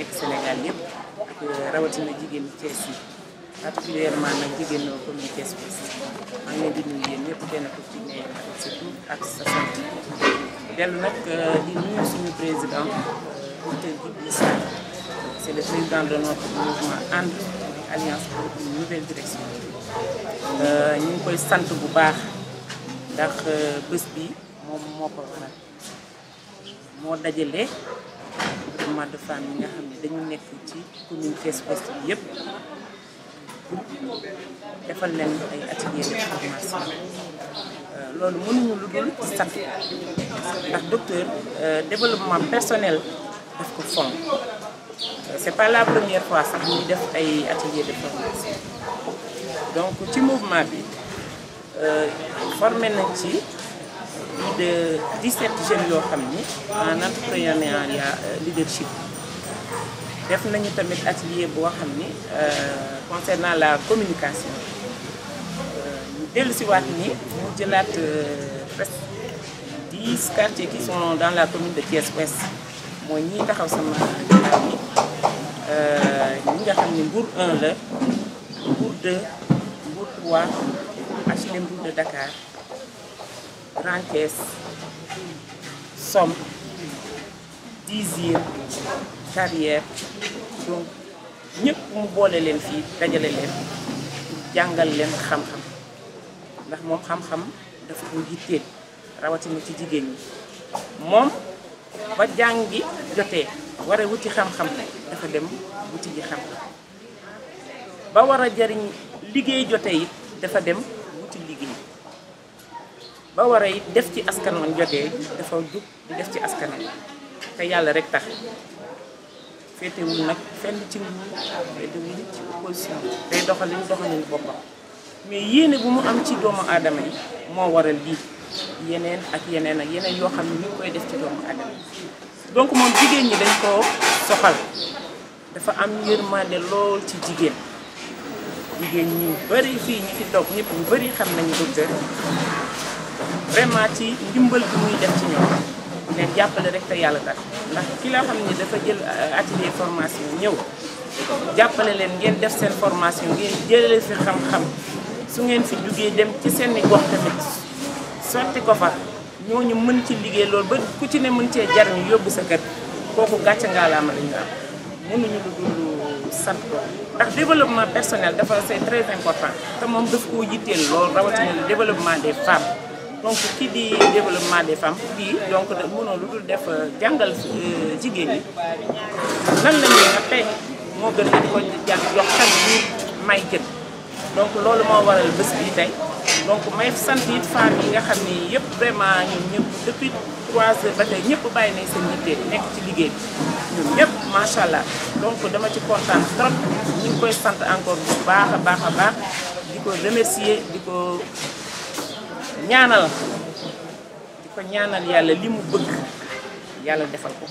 nekk Sénégal yëpp ak euh, rawatina jigéenu Thiès yi particulièrement nag jigéenu commune Thiès bi maa di nuyu yéen kenn ku ci sa tur ak sa sant dellu nag euh, di nuyu suñu président docteur Djibril Sall c'est le président de notre mouvement ànd alliance pour une direction euh, ñu ngi koy sant bu baax ndax bés bi moom moo ko waral moo dajale groupement de femmes yi nga xam ne dañu nekk ci commune Thiès Ouest bi yëpp defal leen ay atelier de formation euh, loolu mënuñu lu dul sant ndax docteur euh, développement personnel daf ko fonk c'est pas la première fois sax ñuy def ay atelier de formation donc ci mouvement bi euh, formé nañ ci de 17 jeunes yoo xam ni en entrepreneuriat euh, leadership. def nañu tamit atelier boo xam ni euh, concernant la communication euh, ñu dellu si waat ni ñu jëlaat presque 10 quartiers qui sont dans la commune de Thiès Ouest mooy taxaw sama ñi nga xam ni Mbour 1 la Mbour 2 Mbour 3 HLM Mbour de Dakar. Rankees Somme Dizir Carrière donc ñëpp mu boole leen fii dajale leen jàngal leen xam-xam ndax moom xam-xam dafa ko yitteel rawatina ci jigéen ñi moom ba jàngi jotee war a wuti xam-xam dafa dem wuti ji xam ba war a jariñ liggéey jotee it dafa dem ba war a it def ci askan woon jotee dafa jug def ci askan te yàlla rek tax féetewul nag fenn ci nguur féetewul ci opposition day doxalin doxalin boppam mais yéene bu mu am ci doomu aadama yi moo waral lii yeneen ak yeneen ak yeneen yoo xam ne ñu ngi koy def ci doomu aadama yi donc moom jigéen ñi dañ koo soxal dafa am yërmande lool ci jigéen jigéen ñi bari fii ñi fi toog ñépp ñu bari xam nañu docteur vraiment ci ndimbal bi muy def ci ñoom ne jàppale rek te yàlla tax ndax ki la xam ne dafa jël euh, atelier formation ñëw jàppale leen ngeen def seen formation ngeen jële si xam-xam su ngeen fi jugee dem ci seen i gox tamit sotti ko fa ñoo ñu mën ci liggéey lool ba ku ci ne mën cee jar ñu yóbbu sa kër kooku gàcce ngaalaama ma ñu am mënuñu lu dul sant ko ndax développement personnel dafa c'est très important te moom daf koo yitteel loolu rawatina le développement des femmes donc kii di développement des femmes bii donc mënoo lu dul def euh, jàngal euh, jigéen ñi nan la ñuy nappee moo gën a ko jàng jox xel bu may jën donc loolu moo waral bés bi tey donc may sant it femmes yi nga xam ni yëpp vraiment ñun ñëpp depuis 3 heures ba tey ñëpp bàyyi nañ seen yitte nekk ci liggéey bi ñëpp macha allah donc dama ci kontaan trop ñu koy sant encore bu baax a baax a baax di ko remercier di ko. ñaanal di ko ñaanal yàlla li mu bëgg yàlla defal ko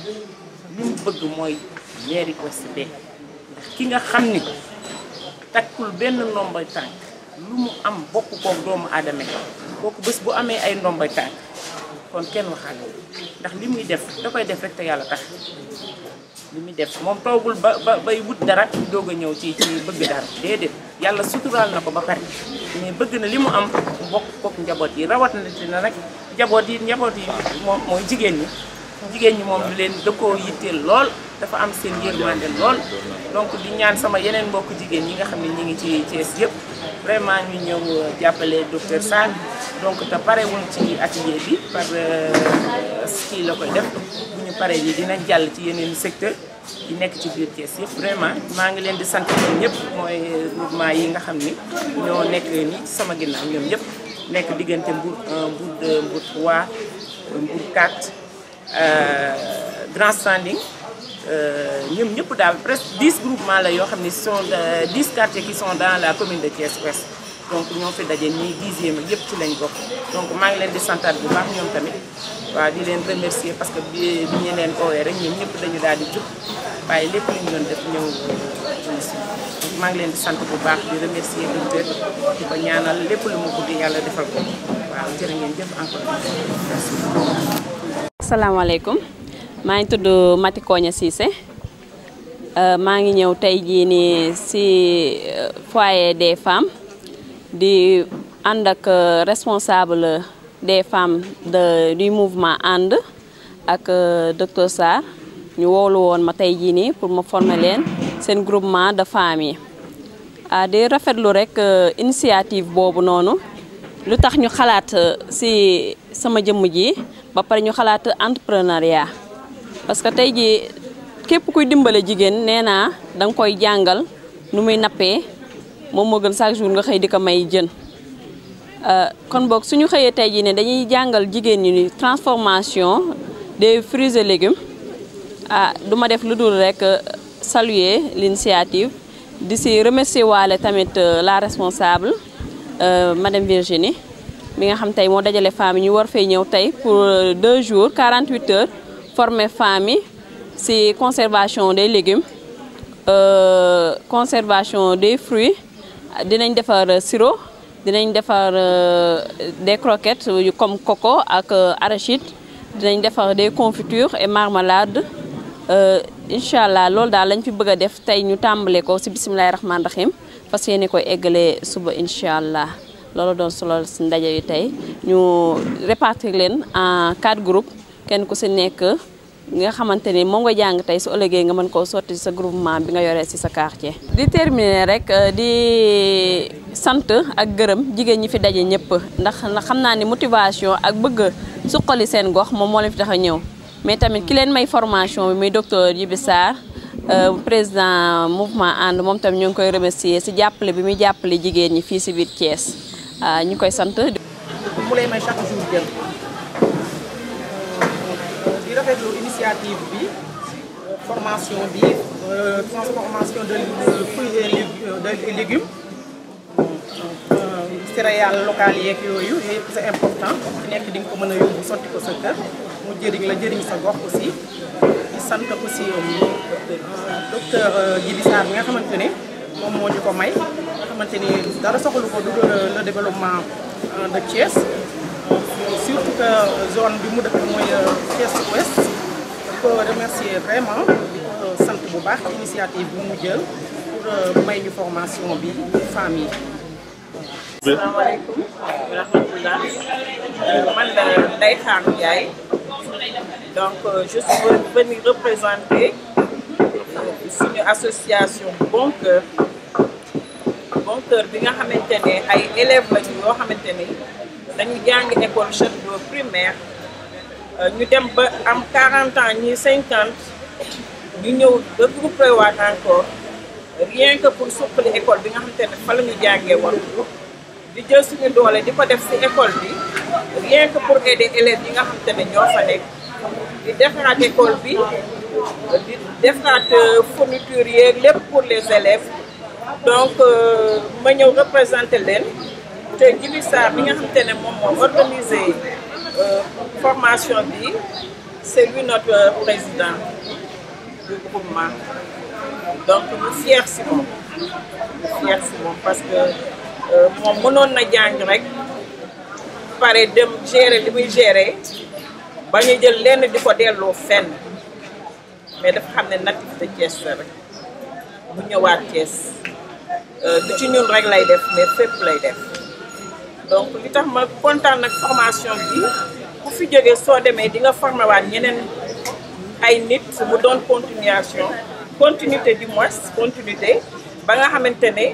li mu bëgg mooy mairie Ouest Foire ndax ki nga xam ni takkul benn ndombay tànk lu mu am bokk koog doomu aadama ko bés bu amee ay ndombay tànk kon kenn waxaale ndax li muy def da koy def rek te yàlla tax li muy def moom toogul ba ba bay wut dara doog a ñëw ci ci bëgg dara déedéet yàlla suturaal na ko ba pare mais bëgg na li mu am bokk kook njaboot yi rawat na nag njaboot yi njaboot yi moom mooy jigéen ñi jigéen ñi moom du leen da koo yitteel lool dafa am seen yërmande lool donc di ñaan sama yeneen mbokk jigéen ñi nga xam ne ñi ngi ci Thiès yëpp vraiment ñu ñëw jàppale docteur Sarr donc te parewul ci atelier bi par kii euh, la koy def bu ñu paree yi dina jàll ci yeneen secteur yi nekk ci biir Thiès yëpp vraiment maa ngi leen di sant ñoom ñëpp mooy groupement euh, yi nga xam ni ñoo nekk nii ci sama ginnaaw ñoom ñëpp nekk diggante Mbour 1 Mbour 2 Mbour 3 Mbour 4 euh, Grand Standing ñoom ñëpp daal presque 10 groupements la yoo xam ne sont 10 quartiers qui sont dans la commune de Thiès Ouest donc ñoo fi daje nii dixième ak yëpp ci lañ ko donc maa ngi leen di santaat bu baax ñoom tamit waaw di leen remercier parce que bi bi ñu leen oowee rek ñoom ñëpp dañu daal di jub waaye lépp lu ñu def ñëw ngi leen di sant bu baax di lépp lu yàlla defal ko waaw jërë ngeen encore merci. asalaamaaleykum maa ngi tudd Mati Koña Cissé euh, maa ngi ñëw tey ji nii si euh, foyer des femmes. di ànd ak euh, responsable des femmes de du mouvement ànd ak euh, docteur Sarr ñu woolu woon ma tey jii nii pour ma former leen seen groupement de femmes yi ah di rafetlu rek euh, initiative boobu noonu lu tax ñu xalaat si sama jëmm ji ba pare ñu xalaat entrepreneuriat parce que tey jii képp kuy dimbale jigéen nee naa danga koy jàngal nu muy nappee moom moo gën chaque jour nga xëy di ko may jën euh, kon boog suñu xëyee tey jii ne dañuy jàngal jigéen ñi ni transformation des fruits et légumes ah du def lu dul rek euh, saluer l'initiative di si remercier waale tamit euh, la responsable madame Virginie mi nga xam tey moo dajale femmes yi ñu war fee ñëw tey pour deux jours 48 heures former femme si conservation des légumes conservation des fruits dinañ defar euh, sirop dinañ defar euh, des croquettes yu comme coco ak euh, arachide dinañ defar des confitures et marmelade incha allah loolu daal lañ fi bëgg a def tey ñu tàmbale ko si bisimilahi rahmaani rahim fas yéene koy eggalee suba incha allah loolu doon solo si ndaje yi tey ñu répartir leen en quatre group kenn ku si nekk. nga xamante ni moom nga jàng tey su ëllëgee nga mën koo sotti sa groupement bi nga yoree si sa quartier. di terminer rek euh, di sant ak gërëm jigéen ñi fi daje ñëpp ndax xam naa ni motivation ak bëgg suqali seen gox moom moo leen fi tax a ñëw mais tamit ki leen may formation bi muy docteur Djibi Sarr euh, président mouvement ànd moom tamit ñoo ngi koy remercier si jàppale bi muy jàppale jigéen ñi fii si biir Thiès euh, ñu koy sant. mu lay may chaque jour di rafetlu initiative bi formation bi euh, transformation de fruits et légumes euh, euh, céréales locales yeeg yooyu yëpp c'est important ku nekk di nga ko mën a yóbbu sotti ko sa kër mu jëriñ la jëriñ sa gox aussi di sant aussi docteur Djibi Sarr bi nga xamante ni moom moo ñu ko may nga xamante ni dara soxlu ko du le développement de Thiès surtout que euh, zone bi mu dëkk mooy euh, Thiès Ouest di ko remercier vraiment di ko sant bu baax initiative bi mu jël pour euh, may ñu formation bi femmes yi. association Bon Cœur bi nga xamante ne ay élèves lañu yoo xamante ne. dañu jàngi école château d'eau primaire euh, ñu dem ba am 40 ans ñii 50 ñu ñëw regroupé waat encore rien que pour suqali école bi nga xamante ne fa la jàngee woon di jël suñu doole di ko def ci école bi rien que pour aider élèves yi nga xamante ne ñoo fa nekk di defaraat école bi di euh, fourniture yeeg lépp pour les élèves donc euh, ma ñëw représenter leen. te Djibi Sarr bi nga xamante ne moom moo organisé euh, formation bi c'est lui notre président du groupement donc ñu fier si moom ñu fier si moom parce que euh, moom mënoon na jàng rek pare dem gérer li muy gérer ba ñu jël lenn di ko delloo fenn mais dafa xam ne natif de Thiès la ñëwaat Thiès euh, du ci ñun rek lay def mais fépp lay def donc li tax ma kontaan nag formation bi bu fi jógee soo demee di nga formé waat ñeneen ay nit bu doon continuation continuité bi moins continuité ba nga xamante ne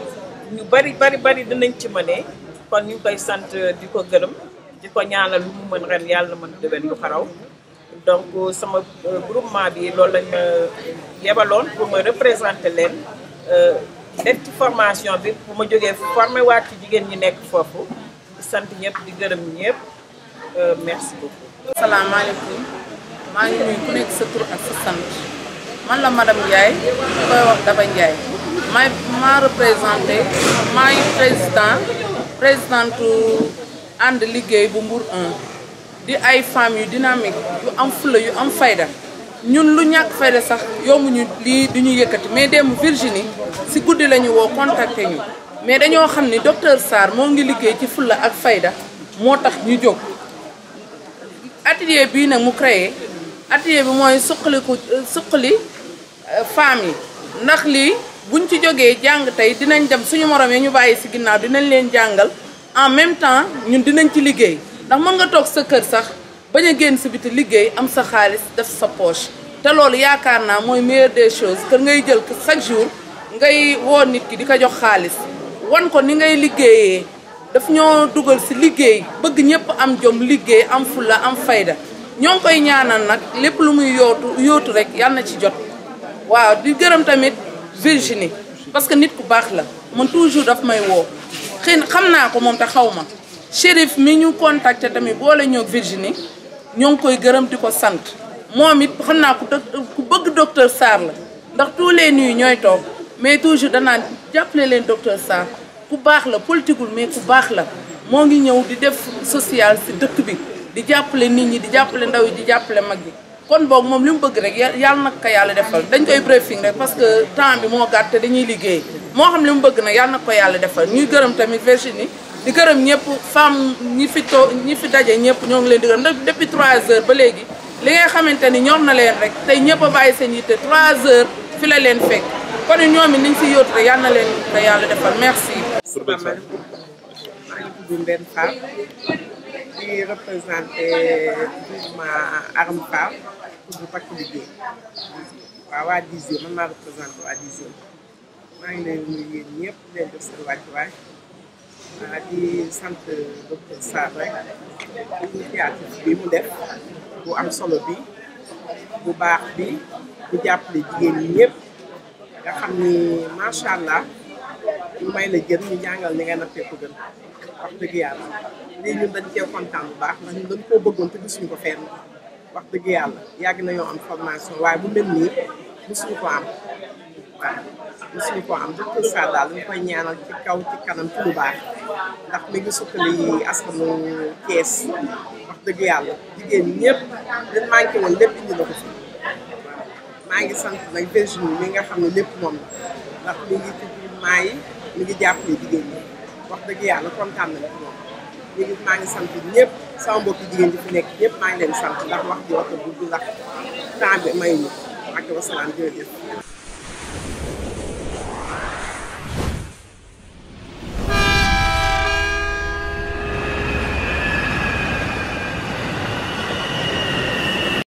ñu bari bari bari danañ ci ma mënee kon ñu ngi koy sant di ko gërëm di ko ñaanal lu mu mën ren yàlla mën déwén lu xaraw donc sama euh, groupement bi loolu lañ ma yebaloon pour ma représenter leen euh, def ci formation bi bu ma jógee formé waat ci jigéen ñi nekk foofu sant ñëpp di gërëm ñëpp euh, merci beaucoup. salaamaaleykum maa ngi nuyu ku nekk sa tur ak sa sant man la madame Ndiaye ñu koy wax Daba Ndiaye maay maa représenté maay président présidente ànd liggéey bu Mbour 1 di ay femmes yu dynamique yu am fula yu am fayda ñun lu ñàkk fayda sax yombuñu lii du ñu yëkkati mais démb Virginie si guddi la ñu woo contacté ñu. mais dañoo xam ni docteur Sarr moo ngi liggéey ci fulla ak fayda moo tax ñu jóg atelier bii nag mu créé atelier bi mooy suqaliku suqali euh, femmes yi ndax lii buñ ci jógee jàng tey dinañ dem suñu morom yi ñu bàyyi si ginnaaw dinañ leen jàngal en même temps ñun dinañ ci liggéey ndax mën nga toog sa kër sax bañ a génn si biti liggéey am sa xaalis def sa poche te loolu yaakaar naa mooy meilleure de choses que ngay jël chaque jour ngay woo nit ki di ko jox xaalis wan ko ni ngay liggéeyee daf ñoo dugal si liggéey bëgg ñëpp am jom liggéey am fulla am fayda ñoo ngi koy ñaanal nag lépp lu muy yootu yootu rek yal na ci jot waaw di gërëm tamit Virginie parce que nit ku baax la man toujours daf may woo xëy xam naa ko moom te xaw ma Chérif mi ñu contacté tamit boole ñoo Virginie ñoo ngi koy gërëm di ko sant moom it xam naa ku ku bëgg docteur Sarr la ndax tous les nuits ñooy toog mais toujours danaan jàppale leen docteur Sarr ku baax la politikul mais ku baax la moo ngi ñëw di def social si dëkk bi di jàppale nit ñi di jàppale ndaw yi di jàppale mag yi kon boog moom li mu bëgg rek yàlla na ko yàlla defal dañ koy briefing rek parce que temps bi moo gàtt te dañuy liggéey moo xam li mu bëgg nag yàlla na ko yàlla defal ñuy gërëm tamit Virginie di gërëm ñëpp femme ñi fi too ñi fi daje ñëpp ñoo ngi leen di gërëm ndax depuis 3 heures ba léegi li nga xamante ni ñor na leen rek tey ñëpp a bàyyi seen yitte 3 heures fi la leen fekk kon ñoom it niñ si yóotu rek yal na leen da yàlla defal merci. di Mbène Fall di représenté groupement Arame Fall bu Pàcc waaw waa dixième man maa représenté waa dixième maa ngi leen nuyu yéen ñëpp di leen def seen wàccuwaay di sant docteur Sarr rek initiative bi mu def bu am solo bi bu baax bi bu jàppale jigéen ñi ñëpp. nga xam ni macha allah ñu may la jën ñu jàngal ni nga nattee ko gën wax dëgg yàlla lii ñun dañ cee kontaan bu baax ndax ñun dañ koo bëggoon te gisuñu ko fenn wax dëgg yàlla yàgg nañoo am formation waaye bu mel nii musuñu ko am waaw musuñu ko am dëgg sa daal dañ koy ñaanal ci kaw ci kanam ci lu baax ndax mi ngi sukkali askanu kees wax dëgg yàlla jigéen ñëpp leen manqué woon lépp indi na ko fi maa ngi sant nag Virginie mi nga xam ne lépp moom la ndax mi ngi ci maa yi mi ngi jàppale jigéen ñi wax dëgg yàlla kontaan na ci moom léegi maa ngi sant ñëpp sama mbokki jigéen ñi fi nekk ñëpp maa ngi leen sant ndax wax ji waxta bu du lax temps bi may ñu ak wasalaam